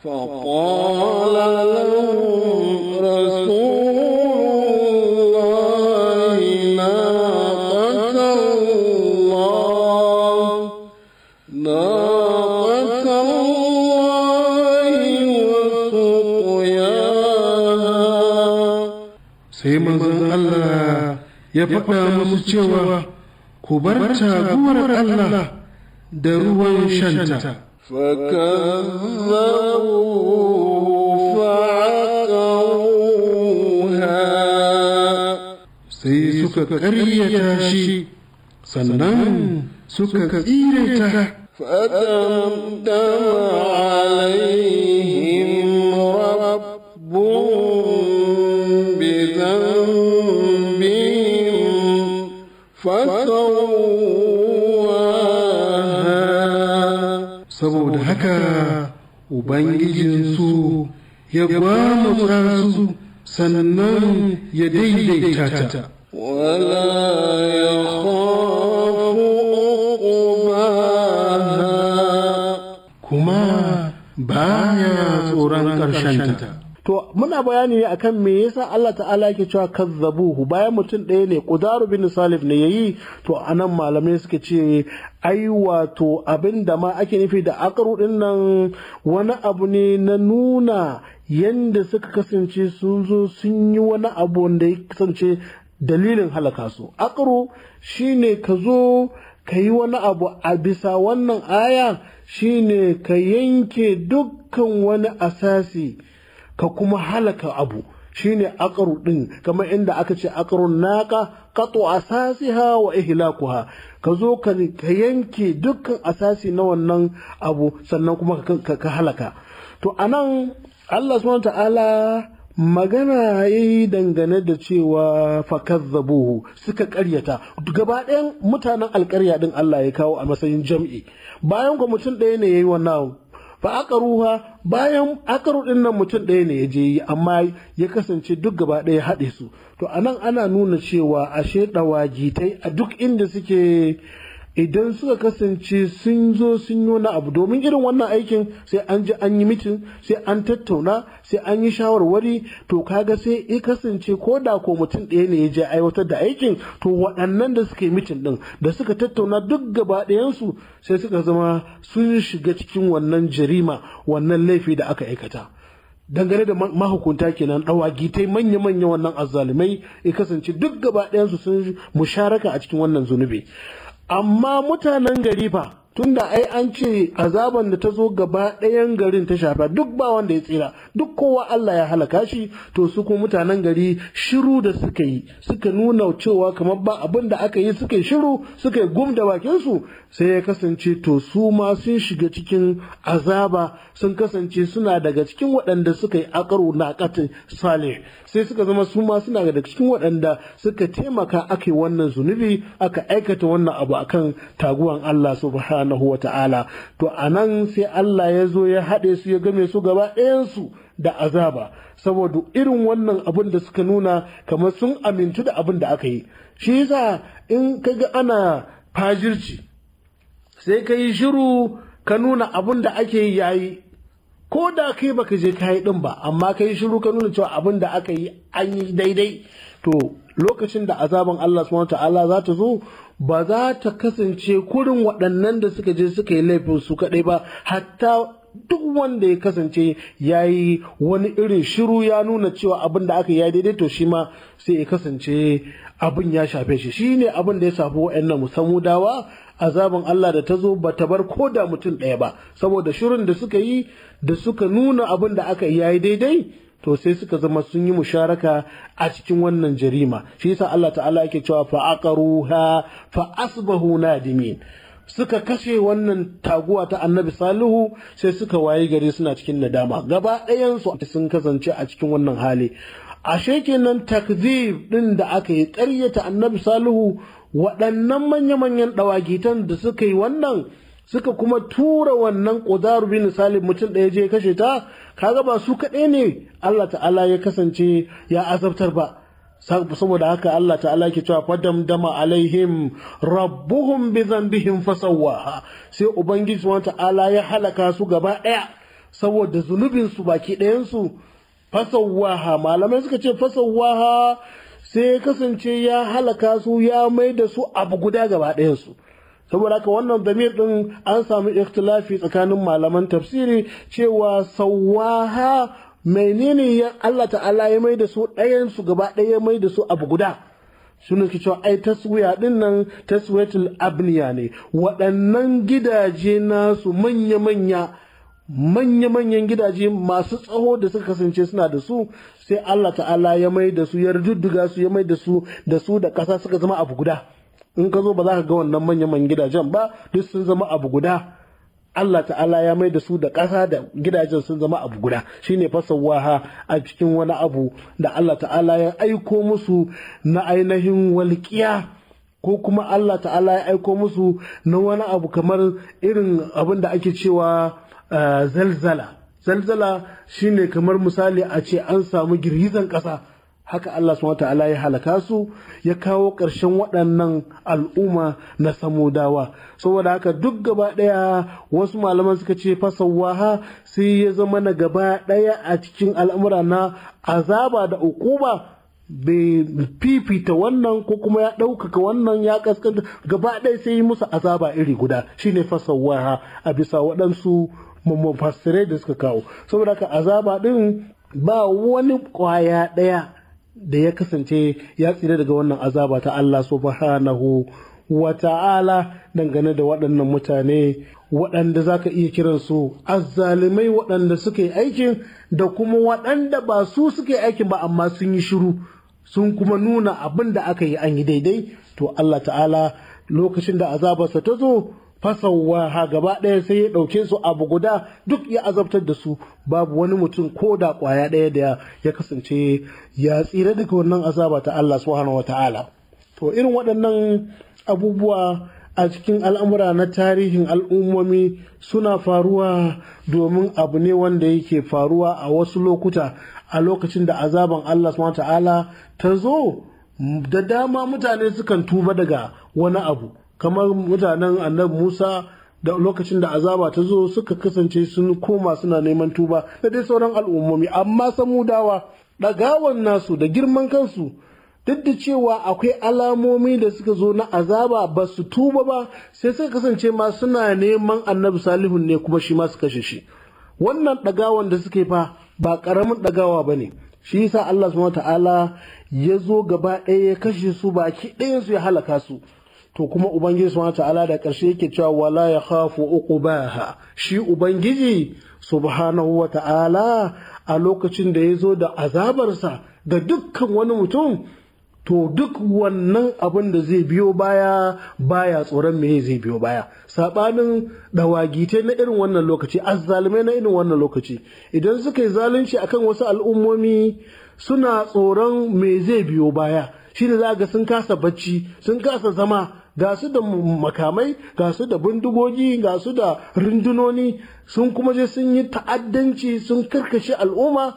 ya faɗa musu cewa ku bar taguwar Allah da ruwan shanta sai suka ƙaryata shi sannan suka tsire ta فأتمتم عليهم haka Ubangijinsu ya ba mu sannan ya daidaita ta. Wala ya kuma ba ya tsoron ta. to muna bayani ne akan me yasa Allah ta'ala yake cewa kazzabuhu bayan mutum ɗaya ne kudaru bin salif ne yayi to anan malamai suke ce ai wato abin da ma ake nufi da akaru din nan wani abu ne na nuna yanda suka kasance sun zo sun yi wani abu wanda ya kasance dalilin halaka su akaru shine ka zo ka yi wani abu a bisa wannan aya shine ka yanke dukkan wani asasi ka kuma halaka abu shine akaru ɗin kamar inda aka ce akarun naka qatu asasiha wa ihlakuha ka zo ka yanke dukkan asasi na wannan abu sannan kuma ka halaka to anan Allah subhanahu ta'ala magana yi dangane da cewa fakazzabuhu suka karyata gaba ɗayan mutanen alkarya din Allah ya kawo a matsayin jam'i bayan ku mutum ɗaya ne yayi wannan fa aka ruha bayan aka ruɗin nan mutum ɗaya ne ya je yi amma ya kasance duk gaba ɗaya haɗe su to anan ana nuna cewa ashe ɗawagitai a duk inda suke idan suka kasance sun zo sun yi wani abu domin irin wannan aikin sai an ji an yi mitin sai an tattauna sai an yi shawarwari to kaga sai ya kasance ko da ko mutum ɗaya ne ya je aiwatar da aikin to waɗannan da suka yi mitin ɗin da suka tattauna duk gaba ɗayansu sai suka zama sun shiga cikin wannan jarima wannan laifi da aka aikata dangane da mahukunta kenan ɗawagitai manya-manya wannan azzalumai ya kasance duk gaba ɗayansu sun musharaka a cikin wannan zunubi amma mutanen gari fa tunda ai an ce azaban da ta zo gaba ɗayan garin ta shafa duk ba wanda ya tsira duk kowa Allah ya halaka shi to su kuma mutanen gari shiru da suka yi suka nuna cewa kamar ba abin da aka yi suka yi shiru suka yi gum da bakin su sai ya kasance to su ma sun shiga cikin azaba sun kasance suna daga cikin waɗanda suka yi akaru na katin salih sai suka zama su ma suna daga cikin waɗanda suka taimaka aka wannan zunubi aka aikata wannan abu akan taguwan Allah subhanahu wa ta'ala to anan sai Allah ya zo ya haɗe su ya game su gaba ɗayansu da azaba saboda irin wannan abin da suka nuna kamar sun amintu da abin da aka yi shi yasa in kaga ana fajirci sai ka yi shiru ka nuna abin da ake yi yayi ko da kai baka je ka yi din ba amma ka yi shiru ka nuna cewa abin da aka yi an yi daidai to lokacin da azaban Allah subhanahu ta'ala za ta zo ba za ta kasance kurin waɗannan da suka je suka yi laifin su kaɗai ba hatta duk wanda ya kasance ya yi wani irin shiru ya nuna cewa abin da aka yi daidai to shi ma sai ya kasance abin ya shafe shi shi ne abin da ya shafi wa'annan dawa, azabin Allah da ta zo ba ta bar ko da mutum ɗaya ba saboda shirin da suka yi da suka nuna abin da aka yi yayi daidai to sai suka zama sun yi musharaka a cikin wannan jarima shi yasa Allah ta'ala yake cewa fa aqaruha fa asbahu nadimin suka kashe wannan taguwa ta annabi salihu sai suka waye gari suna cikin nadama gaba ɗayansu sun kasance a cikin wannan hali ashe kenan takzib ɗin da aka yi ƙaryata annabi salihu waɗannan manya-manyan ɗawagitan da suka yi wannan suka kuma tura wannan ƙudaru bin salim mutum ɗaya je kashe ta kaga ba su kaɗai ne Allah ta'ala ya kasance ya azabtar ba saboda haka Allah ta'ala ke cewa fadam dama alaihim rabbuhum bi dhanbihim fasawwaha sai ubangiji wa ta'ala ya halaka su gaba daya saboda zunubin su baki ɗayansu su fasawwaha malamai suka ce fasawwaha sai kasance ya halaka su ya mai da su abu guda gaba dayan su saboda haka wannan damir din an samu ikhtilafi tsakanin malaman tafsiri cewa sawwaha menene ya Allah ta'ala ya mai da su ɗayan su gaba ɗaya mai da su abu guda suna suke cewa ai taswiya din nan taswiyatul abniya ne waɗannan gidaje nasu manya-manya manya-manyan gidaje masu tsaho da suka kasance suna da su sai Allah ta'ala ya mai da su ya rujudduga su ya mai da su da su da ƙasa suka zama abu guda in ka zo ba za ka ga wannan manya-manyan gidajen ba duk sun zama abu guda Allah ta'ala ya mai da su da ƙasa da gidajen sun zama abu guda shi ne fasawaha a cikin wani abu da Allah ta'ala ya aiko musu na ainihin walƙiya ko kuma Allah ta'ala ya aiko musu na wani abu kamar irin abin da ake cewa eh, zalzala zalzala shi ne kamar misali a ce an samu girgizan ƙasa haka Allah subhanahu ta'ala ya halaka su ya kawo ƙarshen waɗannan al'umma na samudawa saboda haka duk gaba ɗaya wasu malaman suka ce fasawaha sai ya zama na gaba ɗaya a cikin al'amura na azaba da ukuba bai fifita wannan ko kuma ya ɗaukaka wannan ya kaskanta gaba ɗaya sai yi musu azaba iri guda shine fasawaha a bisa waɗansu mafasirai da suka kawo saboda haka azaba ɗin ba wani ƙwaya ɗaya da ya kasance ya tsira daga wannan azaba ta Allah subhanahu wa ta'ala dangane da waɗannan mutane waɗanda za ka iya kiransu azzalimai waɗanda suka yi aikin da kuma waɗanda ba su suka yi aikin ba amma sun yi shiru sun kuma nuna abin da aka yi an yi daidai to Allah ta'ala lokacin da azabarsa ta zo Fasawa, ha gaba ɗaya sai ya ɗauke su abu guda duk ya azabtar da su babu wani mutum ko da ƙwaya ɗaya da ya kasance ya tsira daga wannan azaba ta Allah subhanahu wata'ala to irin waɗannan abubuwa a cikin al'amura na tarihin al'ummomi suna faruwa domin abu ne wanda yake faruwa a wasu lokuta a lokacin da azaban Allah subhanahu wata'ala ta zo da dama mutane sukan tuba daga wani abu kamar mutanen annabi Musa da lokacin da azaba ta zo suka kasance sun koma suna neman tuba da dai sauran al'ummomi amma samudawa ɗagawan nasu da girman kansu duk da cewa akwai alamomi da suka zo na azaba ba su tuba ba sai suka kasance ma suna neman annabi salihun ne kuma shi ma su kashe shi wannan ɗagawan da suke fa ba ƙaramin ɗagawa ba ne shi yasa Allah subhanahu ta'ala ya zo gaba ɗaya ya kashe su baki ɗayan su ya halaka su to kuma ubangiji subhanahu ta'ala da ƙarshe yake cewa wala ya khafu uqbaha shi ubangiji subhanahu wa ta'ala a lokacin da ya zo da azabarsa ga dukkan wani mutum to duk wannan abin da zai biyo baya baya tsoron me zai biyo baya sabanin dawagite na irin wannan lokaci azzalumai na irin wannan lokaci idan suka yi zalunci akan wasu al'ummomi suna tsoron me zai biyo baya shine za ga sun kasa bacci sun kasa zama ga su da makamai ga su da bindigogi ga su da rundunoni sun kuma je sun yi ta'addanci sun karkashe al'umma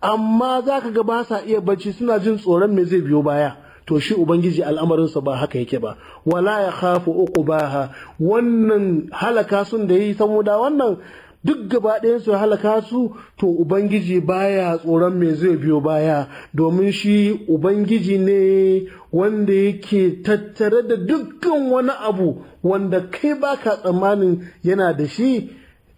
amma za ka ga ba sa iya bacci suna jin tsoron me zai biyo baya to shi ubangiji al'amarinsa ba haka yake ba wala ya khafu uqbaha wannan halaka sun da yi saboda wannan duk gaba su halaka su to ubangiji baya tsoron me zai biyo baya domin shi ubangiji ne wanda yake tattare da dukkan wani abu wanda kai baka tsammanin yana da shi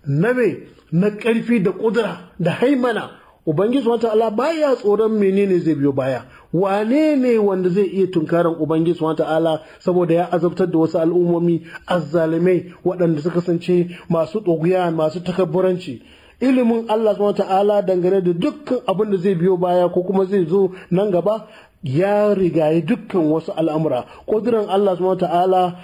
na me na ƙarfi da ƙudura da haimana ubangiji wata ba baya tsoron menene zai biyo baya wane ne wanda zai iya tunkaran ubangiji wata Allah saboda ya azabtar da wasu al'ummomi azzalimai waɗanda suka kasance masu tsoguya masu takabburanci ilimin Allah wa ta'ala dangane da dukkan abin da zai biyo baya ko kuma zai zo nan gaba ya rigaye dukkan wasu al'amura ƙudurin Allah wa ta'ala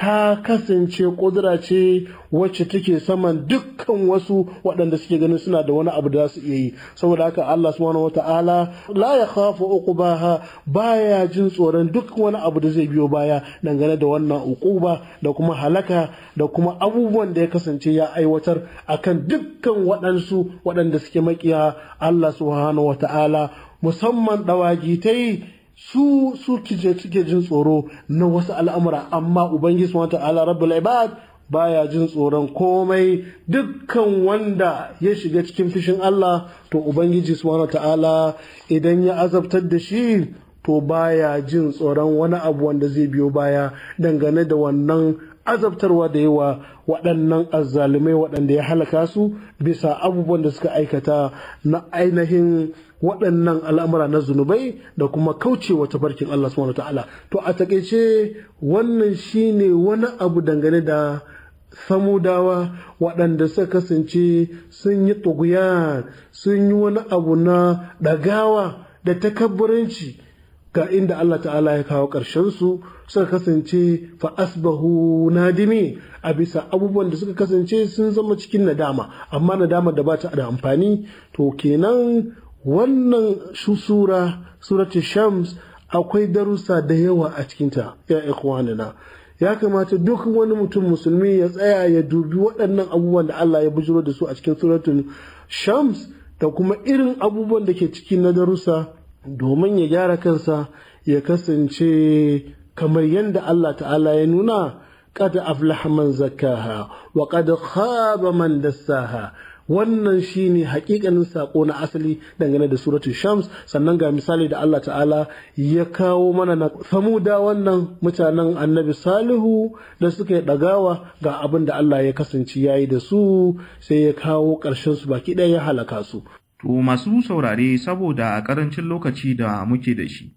ta kasance kudura ce wacce take saman dukkan wasu waɗanda suke ganin suna da wani abu da su iya yi saboda haka Allah subhanahu wata'ala la ya khafu ba baya jin tsoron duk wani abu da zai biyo baya dangane da wannan uquba da kuma halaka da kuma abubuwan da ya kasance ya aiwatar akan dukkan waɗansu waɗanda suke makiya Allah subhanahu wata'ala musamman yi. su suke jin tsoro na wasu al'amura amma ubangiji wata ta'ala rabbul ibad baya jin tsoron komai dukkan wanda ya shiga cikin fushin Allah to ubangiji subhanahu ta'ala idan ya azabtar da shi to baya jin tsoron wani abu wanda zai biyo baya dangane da wannan azabtarwa da yawa waɗannan azzalumai waɗanda ya halaka su bisa abubuwan da suka aikata na ainihin waɗannan al'amura na zunubai da kuma kauce wa tafarkin Allah subhanahu ta'ala to a takaice wannan shine wani abu dangane da samudawa waɗanda suka kasance sun yi tuguyan sun yi wani abu na ɗagawa da takabburanci ga inda Allah ta'ala ya kawo ƙarshensu suka kasance fa asbahu nadimi a bisa abubuwan da suka kasance sun zama cikin nadama amma nadama da ba ta da amfani to kenan wannan sura suratul shams akwai darussa da yawa a cikinta ya ikhwanina ya kamata duk wani mutum musulmi ya tsaya ya dubi waɗannan abubuwan da Allah ya bujiro da su a cikin suratul shams da kuma irin abubuwan da ke ciki na darussa domin ya gyara kansa ya kasance kamar yadda Allah ta'ala ya nuna qad aflaha man zakkaha wa qad khaba man dassaha wannan shi ne hakikanin sako na asali dangane da suratul shams sannan ga misali da Allah ta'ala ya kawo mana na samuda wannan mutanen annabi salihu da suka yi ɗagawa ga abin da Allah ya kasance ya yi da su sai ya kawo ƙarshen su baki ɗaya ya halaka su to masu saurare saboda a ƙarancin lokaci da muke da shi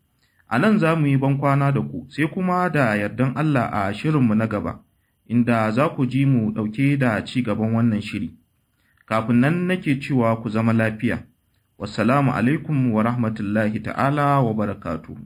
a nan za mu yi bankwana da ku sai kuma da yardan Allah a shirinmu na gaba inda za ku ji mu ɗauke da ci gaban wannan shiri. kafin nan nake cewa ku zama lafiya. Wassalamu alaikum wa rahmatullahi ta'ala wa barakatuhu.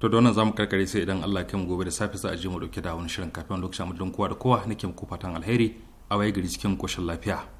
to da wannan zamu karkare sai idan Allah ke mu gobe da safe za a je mu dauke da wani shirin kafin lokacin mu kowa da kowa nake muku fatan alheri a waye gari cikin koshin lafiya